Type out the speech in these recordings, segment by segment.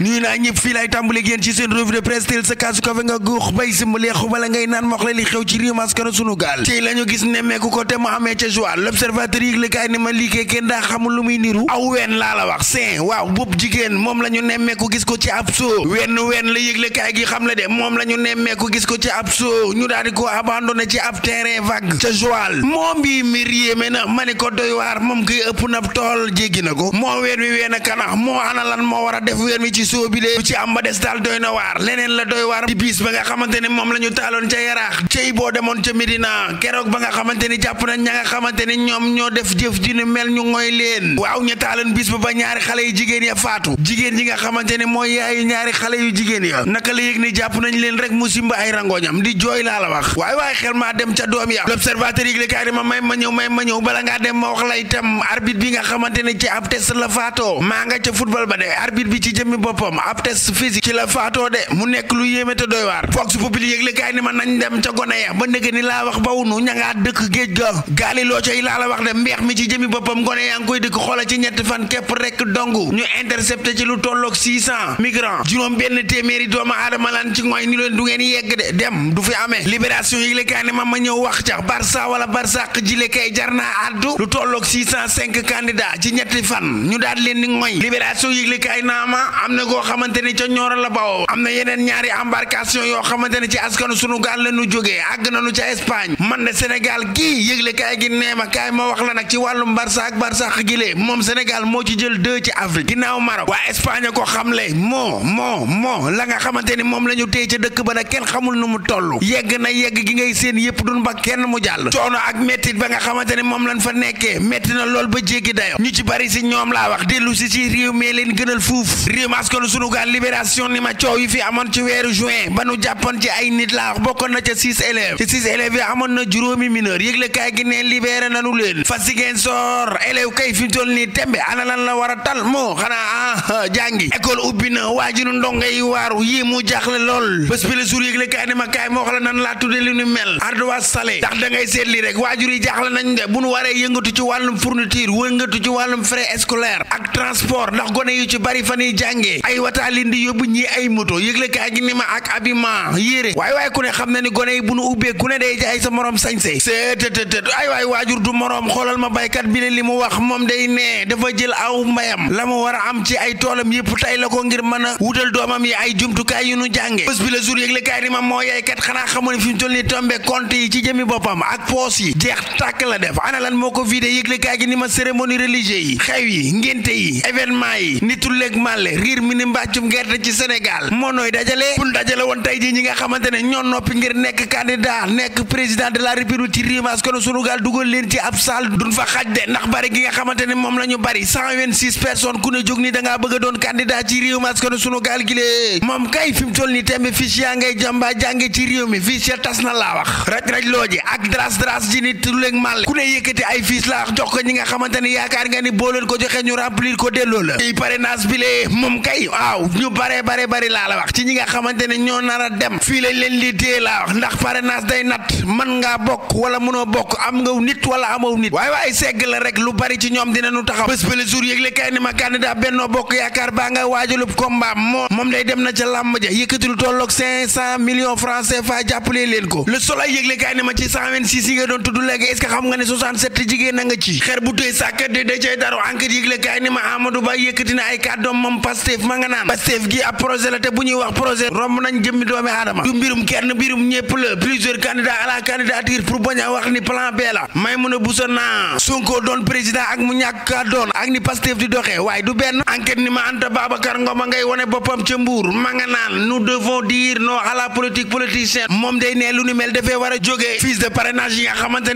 nuyu naa ñëpp fii laay tàmbali ak yéen ci seen revue de presse teel sa kaasu kafe nga guux bay simbaleexu bala ngay naan mox xew ci réew askanu sunu gaal tey la gis nemmeeku ko te mu amee ca joie l'observateur yi la kaay ne ma kenn daa xamul lu muy niru aw ween laa la wax sen waaw bopp jigéen moom la ñu nemmeeku gis ko ci ab soo wenn ween la yëgle kaay gi xam la de moom la ñu nemmeeku gis ko ci ab soo ñu daal di ko abandonné ci ab terrain vague ca joie moom bi mi yéeme na ma ne ko doy waar moom koy ëpp na tool jéggi na ko moo ween wi ween a kanax moo ana lan moo a def ween ci soo bi lee lu ci am ba des daal doy na waar leneen la doy waar biis ba nga xamante ne moom la ñu taaloon ca yaraax cey boo demoon ca Medina keroog ba nga xamante ni jàpp nañ ña nga xamante ne ñoom ñoo def jëf ji mel ñu ngoy leen waaw ñu taaloon bis ba ba ñaari yu jigéen ya faatu jigéen yi nga xamante ne mooy yaayu ñaari xale yu jigéen ya naka la jàpp nañ leen rek mu simba ay rangoñam di jooy laa la wax waaye waaye xel maa dem ca doom ya l'observateur yëgle kaay ma may ma ñëw may ma ñëw bala ngaa dem ma wax la itam arbitre bi nga xamante ne ci ab test la faatoo maa nga ca football ba de arbitre bi ci jëmmi bopp boppam ab test physique ci la faatoo de mu nekk lu yéeme te doy waar Vox Populi yëglekaay ni ma nañ dem ca gone ya ba ndëgg ni laa wax bawunu ña ngaa dëkk géej ga gaali loo cay laa la wax de mbeex mi ci jëmi boppam gone yaa ngi koy dëkk xoola ci ñetti fan képp rekk dong ñu intercepté ci lu tolloog migrants juróom benn téeméeri doomu aadama lan ci mooy ni leen du ngeen yegg de dem du fi amee libération yëglekaay ni ma ma ñëw wax ca Barça wala Barsaq jilekaay jar naa àddu lu tolloog 605 candidats ci ñu daal la goo xamante ni ca Nioro la bawoo am na yeneen ñaari embarcation yoo xamante ni ci askanu sunu gaal la ñu jógee àgg nañu ca Espagne man de Sénégal gii yëgle kaay gi nee ma kaay ma wax la nag ci wàllum Barça ak Barsax gi lee moom Sénégal moo ci jël deux ci Afrique ginnaaw Maroc waa Espagne ko xamle moo moo moo la nga xamante ni moom la ñu téye ca dëkk ba na kenn xamul nu mu toll yegg na yegg gi ngay seen yëpp duñ ba kenn mu jàll coono ak mettit ba nga xamante ni moom lañ fa nekkee metti na lool ba jéggi dayo ñu ci bari si ñoom kon sunu gaal libération ni ma coow yi fi amoon ci weeru juin ba nu jàppoon ci ay nit laa bokkoon na ca six élèves ci six élèves yi amoon na juróomi mineur yëglekaay gi ne libéré nanu leen fa sigéen soor élève kay fi toll nii tembe ana lan la war a tal moo xanaa a ah, ah, jàngi école ubbi na waajinu ndongo yi waaru yii mu jaaxle lool bés bi la suur yëglekaay ni ma kaay moo xam la nan laa tudde li nu mel ardoise salé ndax da seetli rek waajur yi jaaxle nañ de bu nu waree yëngatu ci wàllum fourniture wëngatu ci wàllum frais ndax gone yu ci bari fan yi ay wataa leen yóbbu ñii ay moto yëgle kaay gi ni ma ak abima yére waay waaye ku ne xam na ni gone yi bu nu ubbee ku ne day jaay sa morom sañse seetetetet ay waay waajur du moroom xoolal ma baykat bi le li mu wax moom day nee dafa jël aw mbayam la mu war a am ci ay toolam yëpp tay la ko ngir mën a wutal doomam yi ay jumtukaay yu nu jànge bés bi la jour yëgle ni ma moo yaaykat xanaa xamul fi mu toll ni tombe compte yi ci jëmi boppam ak poos yi jeex tàkk la def ana lan moo ko vidé yëgle kaay gi ni ma cérémonie religieux yi xew yi ngénte événement yi nitulleeg màlle riir mi mini mbàccum gerte ci Sénégal moo nooy dajale bu dajale woon tey jii ñi nga xamante ñoo noppi ngir nekk candidat nekk président de la république ci rimas kon sunu gaal dugal leen ci ab salle duñ fa xaj de ndax bari gi nga xamante moom la bari 126 ku ne jóg ni da ngaa a doon candidat ci rimas kon sunu gaal gi lee moom kay fi toll nii tembe fiche yaa ngay jàmba jànge ci réew mi fiche ya tas na laa wax raj-raj loo ak dras dras ji bëri waaw ñu bare bare bëri laa la wax ci ñi nga xamante ñoo nar a dem fii lañ leen di téye laa wax ndax parrainage day natt man nga bokk wala mënoo bokk am nga nit wala amaw nit waaye waaye segg la rek lu bari ci ñoom dinañu taxaw bés ba le jour yëgle kay ma na ca làmb ja yëkkati lu tolloog cinq cent millions francs CFA jàppale leen ko Le Soleil yëgle kay ni ma ci cent vingt six yi nga doon tudd léegi est xam nga ne soixante sept jigéen na nga ci xer bu tey sàkkat de da cay daru ma nga naan Pastef gi ab projet la te bu ñuy wax projet romb nañ jëmmi doomi aadama du mbirum kenn mbirum ñépp la plusieurs candidats à la pour bañ a wax ni plan B la Maimouna Bousso naa Sonko doon président ak mu ñàkk a doon ak ni Pastef di doxee waaye du benn enquête ni ma Anta Babacar Ngom ngay wone boppam ca Mbour ma naan nous devons dire non à la politicienne moom day ne lu ni mel dafee war a jógee fils de parrainage yi nga xamante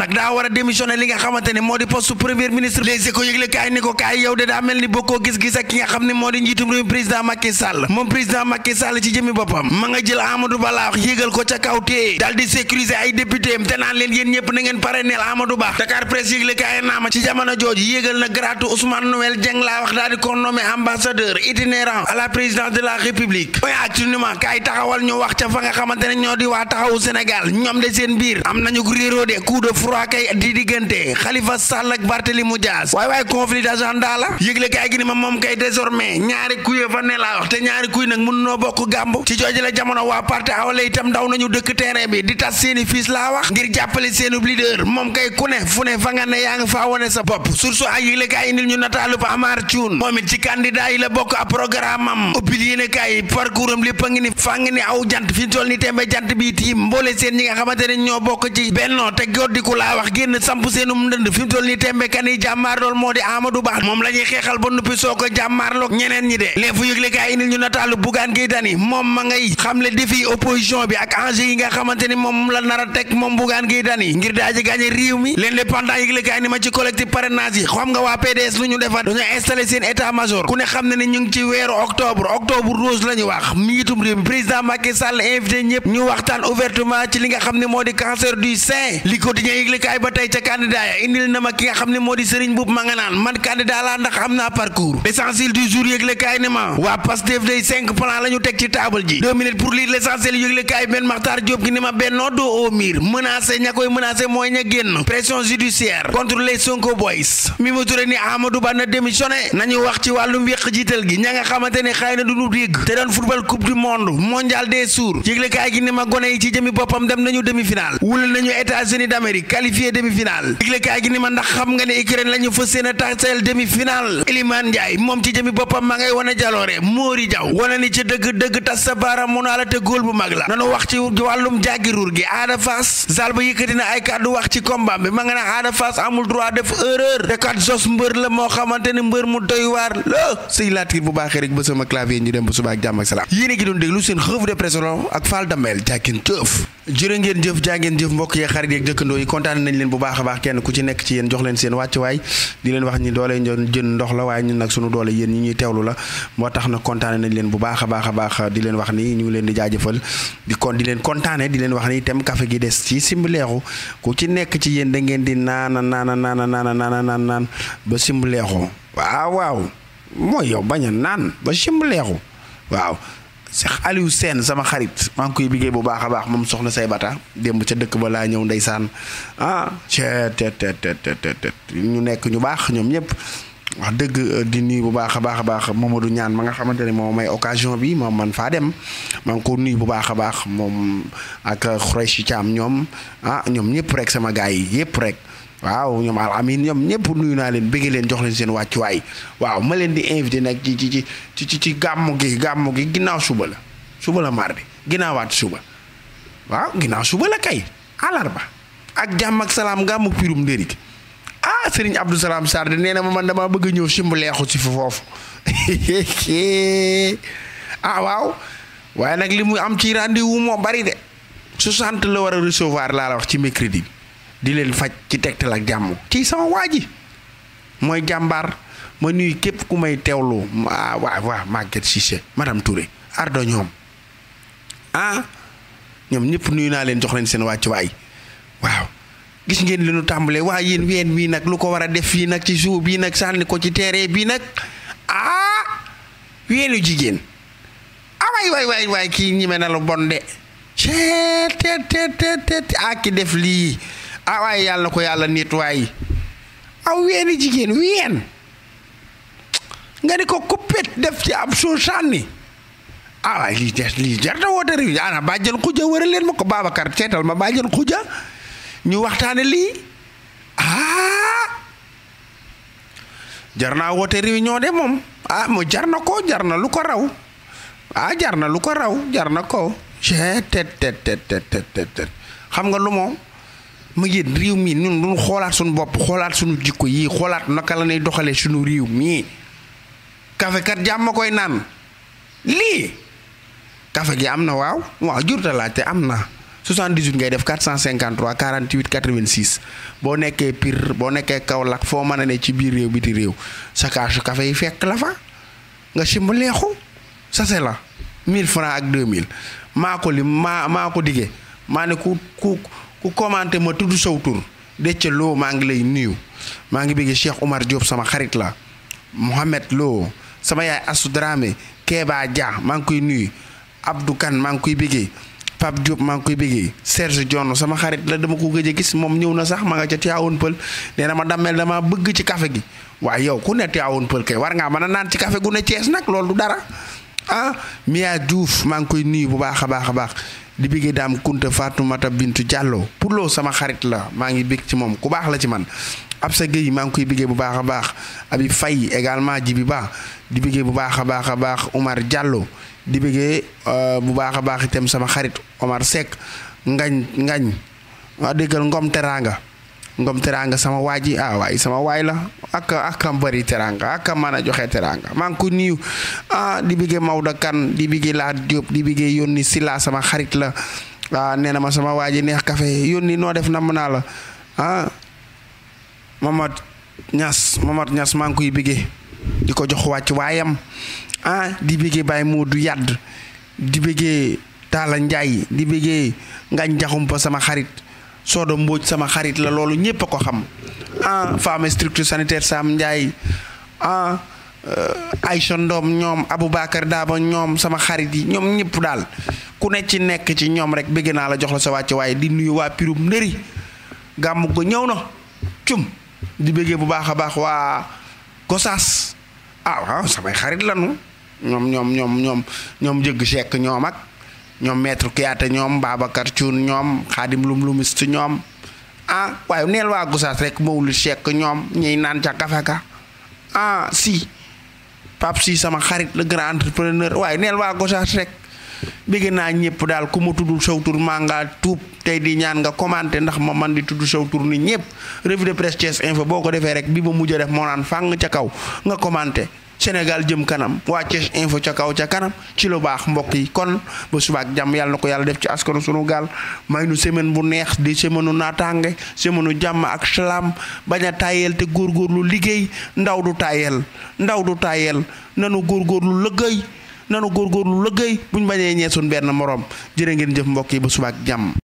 nag daa war a démissionné li nga xamante moo di poste premier ministre Les Échos yëgle kaay ni ko kaay yow de daa mel ni bokkoo gis-gis ak nga xam ne moo di njiitum réew président Macky Sall moom président Macky Sall ci jëmi boppam ma nga jël Amadou Ba laa wax yégal ko ca kaw tee daal di ay député te naan leen yéen ñëpp na ngeen pare Ba Dakar Presse yëgle kaay naa ma ci jamono jooju yégal na gratu Ousmane Noël Dieng laa wax daal 3 kay di diggante Khalifa Sall ak Barthélemy Dias waaye waaye conflit d'agenda la yëgle kaay gi ni ma moom kay désormais ñaari kuye fa ne laa wax te ñaari kuy nag mën noo bokk gàmb ci jooju la jamono waa parti awale itam daw nañu dëkk terrain bi di tas seeni fiis laa wax ngir jàppale seen leader moom kay ku ne fu ne fa nga ne yaa ngi faa wone sa bopp surtout ak yëgle kaay indil ñu nataalu ba Amar Thioune moom it ci candidat yi la bokk a ngi ni faa laa wax génn samp seenum ndënd fi mu toll nii tembekan yi jàmmaar moo di Amadou Ba moom la xeexal ba noppi soo ko jàmmaarloog ñeneen ñi de léefu yëgle kaay indil ñu nataalu Bougane Gueye moom ma ngay xamle défi opposition bi ak enjeu yi nga xamante moom la nar a teg moom Bougane Gueye ngir daa ji gàñe réew mi l'indépendant yëgle kaay ni ma ci collectif parrainage yi xam nga waa PDS lu ñu defat dañoo installé seen état major ku ne yëglekaay ba tey ca candidat ya indil na ma ki nga xam ne moo di Serigne Mboup ma man candidat laa ndax xam naa parcours l'essentiel du jour yëglekaay ne ma waa Pastef day cinq plan la teg ci table ji deux minutes pour lire l'essentiel yëglekaay benn Maxtaar Diop gi ne ma bennoo doo au mur menacé ña koy menacé mooy ña génn pression judiciaire contre les Sonko boys mi mu turé ni Amadou Ba na démissionné nañu wax ci wàllum wéq jiital gi ña nga xamante qualifié demi-finale yëglekaay gi ni ma ndax xam nga ne Ukraine la ñu fas yéene taxseel demi-finale Iliman Ndiaye moom ci jëmi boppam ma ngay wane jaloore Mori Diaw wane ni ci dëgg dëgg tas sa baaraam mu a la te góol bu mag la nanu wax ci wàllum jàggiruur gi Ada Fass sal ba yëkkati na ay kàddu wax ci combat bi ma nga ne Ada Fass amul droit def erreur te kat jos mbër la moo xamante mbër mu doy waar la sëy laatir bu baaxee rek ba sama clavier ñu dem ba suba ak a jërë ngeen jëf jaa ngeen jëf mbokk yee xarit yeeg dëkkandoo yi kontaan nañ leen bu baax a baax kenn ku ci nekk ci yéen jox leen seen wàccuwaay di leen wax ni doole jën ndox la waaye ñun nag sunu doole yéen ñi ñuy la moo tax na kontaan nañ leen bu baax baax baax di leen wax ni ñu ngi leen di jaajëfal di kon di leen kontaane di leen wax ni tem kafe gi des ci simbileexu ku ci nekk ci yéen da ngeen di naana naana naana naana naana naan naan ba simbileexu waaw waaw mooy yow bañ a naan ba simbileexu waaw Cheikh Aliou seen sama xarit maa ngi koy liggéey bu baax a baax moom soxna say bata démb ca dëkk ba laa ñëw ndeysaan ah ca te te ñu nekk ñu baax ñoom ñëpp wax dëgg euh, di nuyu bu baax a baax a baax Mamadou Ñaan ma nga xamante ne moo may occasion bi moom man faa dem maa ngi bu baax a baax moom ak Khoureychi Thiam ñoom ah ñoom ñëpp rek sama gars yi yëpp rek. waaw ñoom al amin ñoom ñëpp nuyu naa leen bëgg leen jox leen seen wàccuwaay waaw ma leen di invité nag ci ci ci ci ci gàmmu gi gàmmu gi ginnaaw suba la suba la mar mardi ginnaawaat suba waaw ginnaaw suba la kay alarba ak jàmm ak salaam gàmmu pirum ndëri gi ah sëriñ Abdou Salam Sarr de nee na ma man damaa bëgg a ñëw simb leexu si foofu ah waaw waaye nag li muy am ci rendez-vous moo bari de su sant la war a recevoir laa la wax ci mercredi bi. di leen faj ci tegtal ak jàmm kii sama waa mooy jàmbaar ma nuyu képp ku may tewlu ah waa waa Maguette Cissé madame Touré ardo ñoom ah ñoom ñëpp nuyu naa leen jox leen seen wàccuwaay waaw gis ngeen li nu waa yéen ween bii nag lu ko war a def fii nag ci suuf bii nag sànni ko ci terrain bii nag ah weenu jigéen awaay ah, waay waay waay kii ñime na lu bon de te te te te te ak def lii ah yàlla ko yàlla nit waay aw ah, weeni jigéen ween nga di ko kuppet def ci ab suuf sànni ah waaye lii des lii jarta woote réew ana ah, bàjjan xuja wëral leen ma ko Babacar seetal ma bàjjan xuja ñu waxtaane lii ah jar naa woote réunion de moom ah mu jar na ko jar na lu ko raw ah jar na lu ko raw jar na ko tet tet tet tet tet xam nga lu moom ma yéen réew mi ñun duñu xoolaat suñu bopp xoolaat suñu jikko yi xoolaat naka la ñuy doxalee suñu réew mii kafekat kat jàmm koy naan lii kafe gi am na waaw waaw jurta laajte am na 78 ngay def 453 48 86 boo nekkee Pire boo nekkee Kaolack foo mën a ne ci biir réew biti réew sa kaasu kafe yi fekk la fa nga simb leexu sase la 1000 francs ak 2000 maa ko lim maa maa ko diggee maa ne ku ku ku commenté ma tudd saw tur Déthié Lo maa ngi lay nuyu maa ngi bégg Cheikh Oumar Diop sama xarit la Mohamed Lo sama yaay Assou Dramé kebaa Dia maa ngi koy nuyu Abdou Kane maa ngi koy bëggee Pape Diop maa ngi koy bëggee Serge Dion sama xarit la dama ko gëj a gis moom ñëw na sax ma nga ca Tivaouane Peulh nee na ma dammel dama bëgg ci kafe gi waaye yow ku ne Tivaouane Peulh kay war ngaa mën a naan ci café gu ne Thiès nag loolu du dara ah Mia Diouf maa ngi koy nuyu bu baax a baax a baax di bëggee daam kunta Fatoumata Bintu Diallo Pulo sama xarit la maa ngi bëgg ci moom ku baax la ci man ab Absa Gueye maa ngi koy bëggee bu baax a baax Abi fay également Jibi Ba di bëggee bu baax a baax a baax Omar jàlloo di bëggee euh, bu baax a baax itam sama xarit Omar Seck ngañ ngañ waa déggal Ngom Teranga ngom teranga sama waay ji ah waay sama waay la ak akam bëri teranga akam mën a joxe teranga maa ngi ko nuyu ah di biggee Maodo kan di biggee Laat Diop di biggee yónni sama xarit la ah nee na ma sama waay ji neex kafe yónni noo def namm naa la ah Mamad Ñas Mamad Ñas maa koy biggee di ko jox wàcc waayam ah di biggee Baye Modou Yadd di biggee Talla Ndiaye di biggee Ngañ Jaxumpa sama xarit Sodo Mbóoj sama xarit la loolu ñépp a ko xam ah femme structure sanitaire Sam Ndiaye ah euh, Aïcha Ndom ñoom Aboubacar Daaba ñoom sama xarit yi ñoom ñëpp daal ku ne ci nekk ci ñoom rek bëgg naa la jox la sa wàcc waaye di nuyu waa pirum ndëri gàmmu ko ñëw na cum di bëggee bu baax a baax waa Gosaas ah waaw samay xarit lanu ñoom ñoom ñoom ñoom ñoom jëgg sekk ñoom ak ñoom maître Kouyaté ñoom Babacar Thioune ñoom xaadim lum lumiste ñoom ah waaye neel waa Gossas rek Mawlid Cheikh ñoom ñuy naan ca kafe ga ah si Pape si sama xarit la grand entrepreneur waaye neel waa Gossas rek bëgg naa ñëpp daal ku ma tudd saw tur maa nga tuub tey di ñaan nga commenté ndax ma man di tudd saw tur ni ñëpp revue de presse Thiès info boo ko defee rek bi ma mujj a def moo naan fàng ca kaw nga commenté Sénégal jëm kanam waa Thiès info ca kaw ca kanam ci lu baax mbokk yi kon ba subaak jàmm yàlla na ko yàlla def ci askanu sunu gaal may nu semaine bu neex di semaine naataange semaine jàmm ak salaam bañ a tàyyeel te lu liggéey ndaw du tàyyeel ndaw du tàyyeel nanu góorgóorlu góor nanu góorgóorlu liggéey buñ bañee ñee suñ benn moroom jërë ngeen jëf mbokk yi ba subaak jàmm